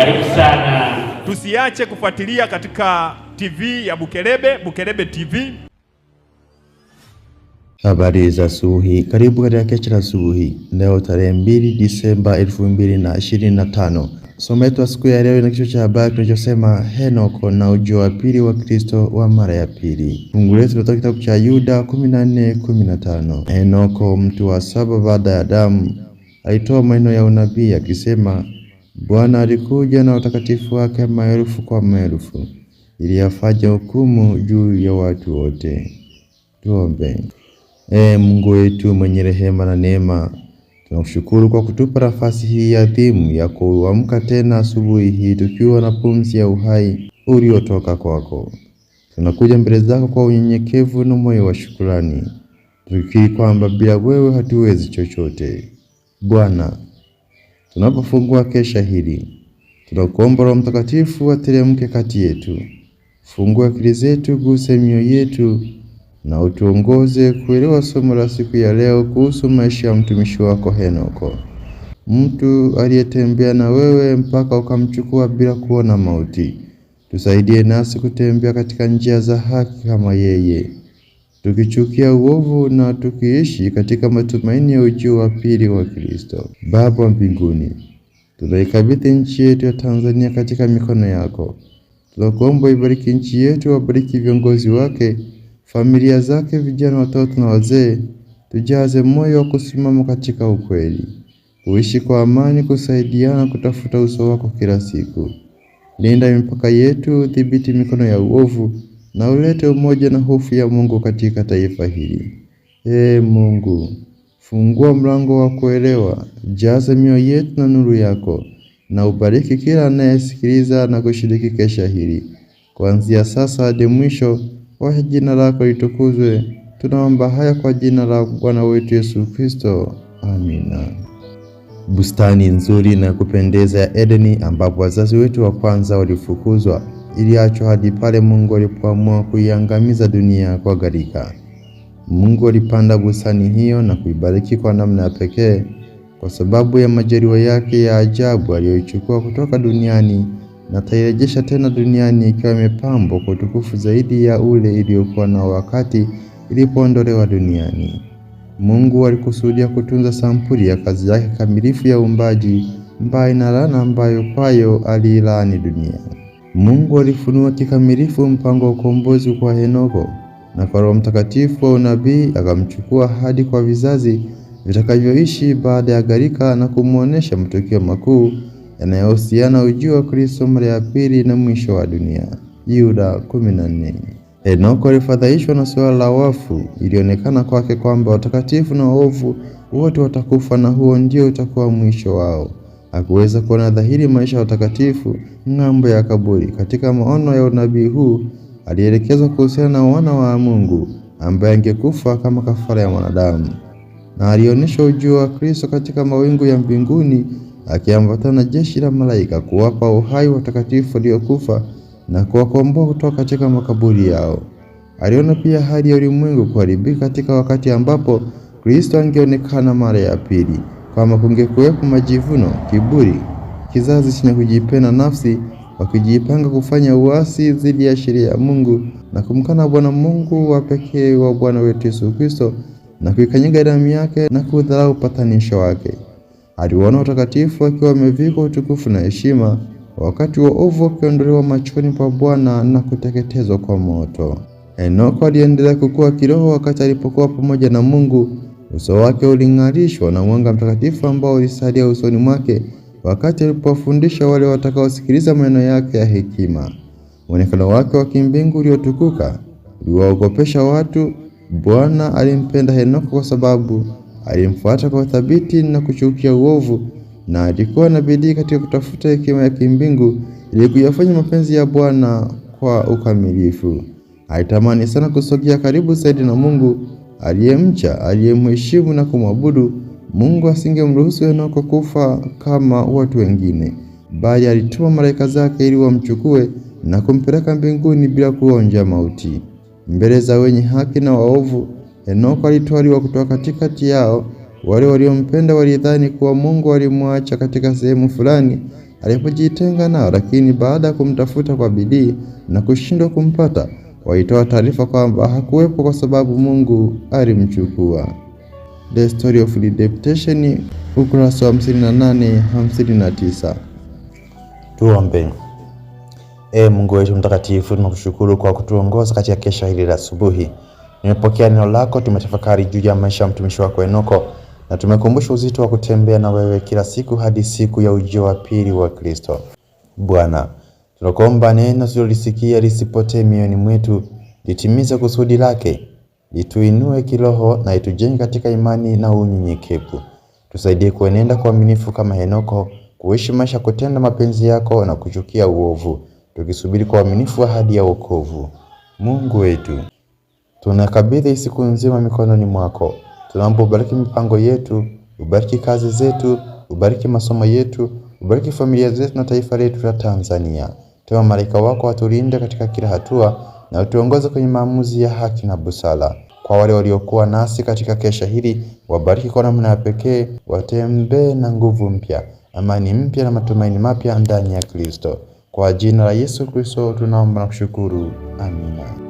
Karibu sana. Tusiache kufuatilia katika TV ya Bukelebe, Bukelebe TV. Habari za asubuhi, karibu katika Kesha la Asubuhi leo tarehe 2 Disemba 2025. Somo letu siku ya leo ina kichwa cha habari tunachosema Henoko na ujio wa pili wa Kristo wa mara ya pili. Fungu letu linatoka kitabu cha Yuda 14:15. Henoko mtu wa saba baada ya Adamu alitoa maneno ya unabii akisema Bwana alikuja na watakatifu wake maelfu kwa maelfu, ili afanye hukumu juu ya watu wote. Tuombe. Ee Mungu wetu mwenye rehema na neema, tunakushukuru kwa kutupa nafasi hii adhimu ya kuamka tena asubuhi hii tukiwa na pumzi ya uhai uliotoka kwako. Tunakuja mbele zako kwa unyenyekevu na moyo wa shukrani, tukiri kwamba bila wewe hatuwezi chochote. Bwana tunapofungua kesha hili. Tunakuomba Roho Mtakatifu ateremke kati yetu, fungua akili zetu, guse mioyo yetu na utuongoze kuelewa somo la siku ya leo kuhusu maisha ya mtumishi wako Henoko, mtu aliyetembea na wewe mpaka ukamchukua bila kuona mauti. Tusaidie nasi kutembea katika njia za haki kama yeye tukichukia uovu na tukiishi katika matumaini ya ujio wa pili wa Kristo. Baba wa mbinguni, tunaikabidhi nchi yetu ya Tanzania katika mikono yako. Tunakuomba ibariki nchi yetu, wabariki viongozi wake, familia zake, vijana, watoto na wazee. Tujaze moyo wa kusimama katika ukweli, kuishi kwa amani, kusaidiana, kutafuta uso wako kila siku. Linda mipaka yetu, dhibiti mikono ya uovu na ulete umoja na hofu ya Mungu katika taifa hili. Ee Mungu, fungua mlango wa kuelewa, jaza mioyo yetu na nuru yako, na ubariki kila anayesikiliza na kushiriki kesha hili, kuanzia sasa hadi mwisho. Wacha jina lako litukuzwe. Tunaomba haya kwa jina la Bwana wetu Yesu Kristo, amina. Bustani nzuri na kupendeza ya Edeni, ambapo wazazi wetu wa kwanza walifukuzwa iliachwa hadi pale Mungu alipoamua kuiangamiza dunia kwa gharika. Mungu alipanda bustani hiyo na kuibariki kwa namna ya pekee kwa sababu ya majaliwa yake ya ajabu aliyoichukua kutoka duniani na tairejesha tena duniani ikiwa imepambwa kwa utukufu zaidi ya ule iliyokuwa na wakati ilipoondolewa duniani. Mungu alikusudia kutunza sampuli ya kazi yake kamilifu ya uumbaji, mbali na laana ambayo kwayo aliilaani dunia. Mungu alifunua kikamilifu mpango wa ukombozi kwa Henoko na kwa Roho Mtakatifu wa unabii akamchukua hadi kwa vizazi vitakavyoishi baada ya gharika na kumwonyesha matukio makuu yanayohusiana ujio wa Kristo mara ya pili na mwisho wa dunia. Yuda 14. Henoko alifadhaishwa na suala la wafu. Ilionekana kwake kwamba watakatifu na waovu wote watakufa na huo ndio utakuwa mwisho wao. Hakuweza kuona dhahiri maisha ya utakatifu ng'ambo ya kaburi. Katika maono ya unabii huu alielekezwa kuhusiana na wana wa Mungu ambaye angekufa kama kafara ya mwanadamu, na alionyeshwa ujio wa Kristo katika mawingu ya mbinguni akiambatana na jeshi la malaika kuwapa uhai watakatifu waliokufa na kuwakomboa kutoka katika makaburi yao. Aliona pia hali ya ulimwengu kuharibika katika wakati ambapo Kristo angeonekana mara ya pili. Kama kungekuwepo majivuno, kiburi, kizazi chenye kujipenda nafsi, wakijipanga kufanya uasi dhidi ya sheria ya Mungu na kumkana Bwana Mungu wa pekee wa Bwana wetu Yesu Kristo na kuikanyaga damu yake na kudharau upatanisho wake. Aliwaona watakatifu akiwa wamevikwa utukufu na heshima, wakati wa ovu wakiondolewa machoni pa Bwana na kuteketezwa kwa moto. Enoko aliendelea kukua kiroho wakati alipokuwa pamoja na Mungu Uso wake uling'arishwa na mwanga mtakatifu ambao ulisalia usoni mwake wakati alipowafundisha wale watakaosikiliza maneno yake ya hekima. Mwonekano wake wa kimbingu uliotukuka uliwaogopesha watu. Bwana alimpenda Henoko kwa sababu alimfuata kwa uthabiti na kuchukia uovu, na alikuwa na bidii katika kutafuta hekima ya kimbingu ili kuyafanya mapenzi ya Bwana kwa ukamilifu. Alitamani sana kusogea karibu zaidi na Mungu Aliyemcha, aliyemheshimu na kumwabudu Mungu asingemruhusu Henoko kufa kama watu wengine, bali alituma malaika zake ili wamchukue na kumpeleka mbinguni bila kuonja mauti. Mbele za wenye haki na waovu, Henoko alitwaliwa kutoka katikati yao. Wale waliompenda walidhani kuwa Mungu alimwacha katika sehemu fulani alipojitenga nao, lakini baada ya kumtafuta kwa bidii na kushindwa kumpata waitoa taarifa kwamba hakuwepo kwa sababu Mungu alimchukua. The Story of Redemption, ukurasa wa 58 59. Tuombe. Ee Mungu wetu mtakatifu, tunakushukuru kwa kutuongoza katika kesha hili la asubuhi. Nimepokea neno lako, tumetafakari juu ya maisha ya mtumishi wako Enoko na tumekumbusha uzito wa kutembea na wewe kila siku hadi siku ya ujio wa pili wa Kristo. Bwana Tunakuomba neno tulilolisikia lisipotee mioyoni mwetu, litimize kusudi lake, lituinue kiroho na itujenge katika imani na unyenyekevu. Tusaidie kuenenda kwa uaminifu kama Henoko, kuishi maisha kutenda mapenzi yako na kuchukia uovu, tukisubiri kwa uaminifu ahadi ya wokovu. Mungu wetu, tunakabidhi siku nzima mikononi mwako. Tunaomba ubariki mipango yetu, ubariki kazi zetu, ubariki masomo yetu, ubariki familia zetu na taifa letu la Tanzania. Tuma malaika wako watulinde katika kila hatua na utuongoze kwenye maamuzi ya haki na busara. Kwa wale waliokuwa nasi katika kesha hili, wabariki kwa namna ya pekee, watembee na nguvu mpya, amani mpya na matumaini mapya ndani ya Kristo. Kwa jina la Yesu Kristo tunaomba na kushukuru, amina.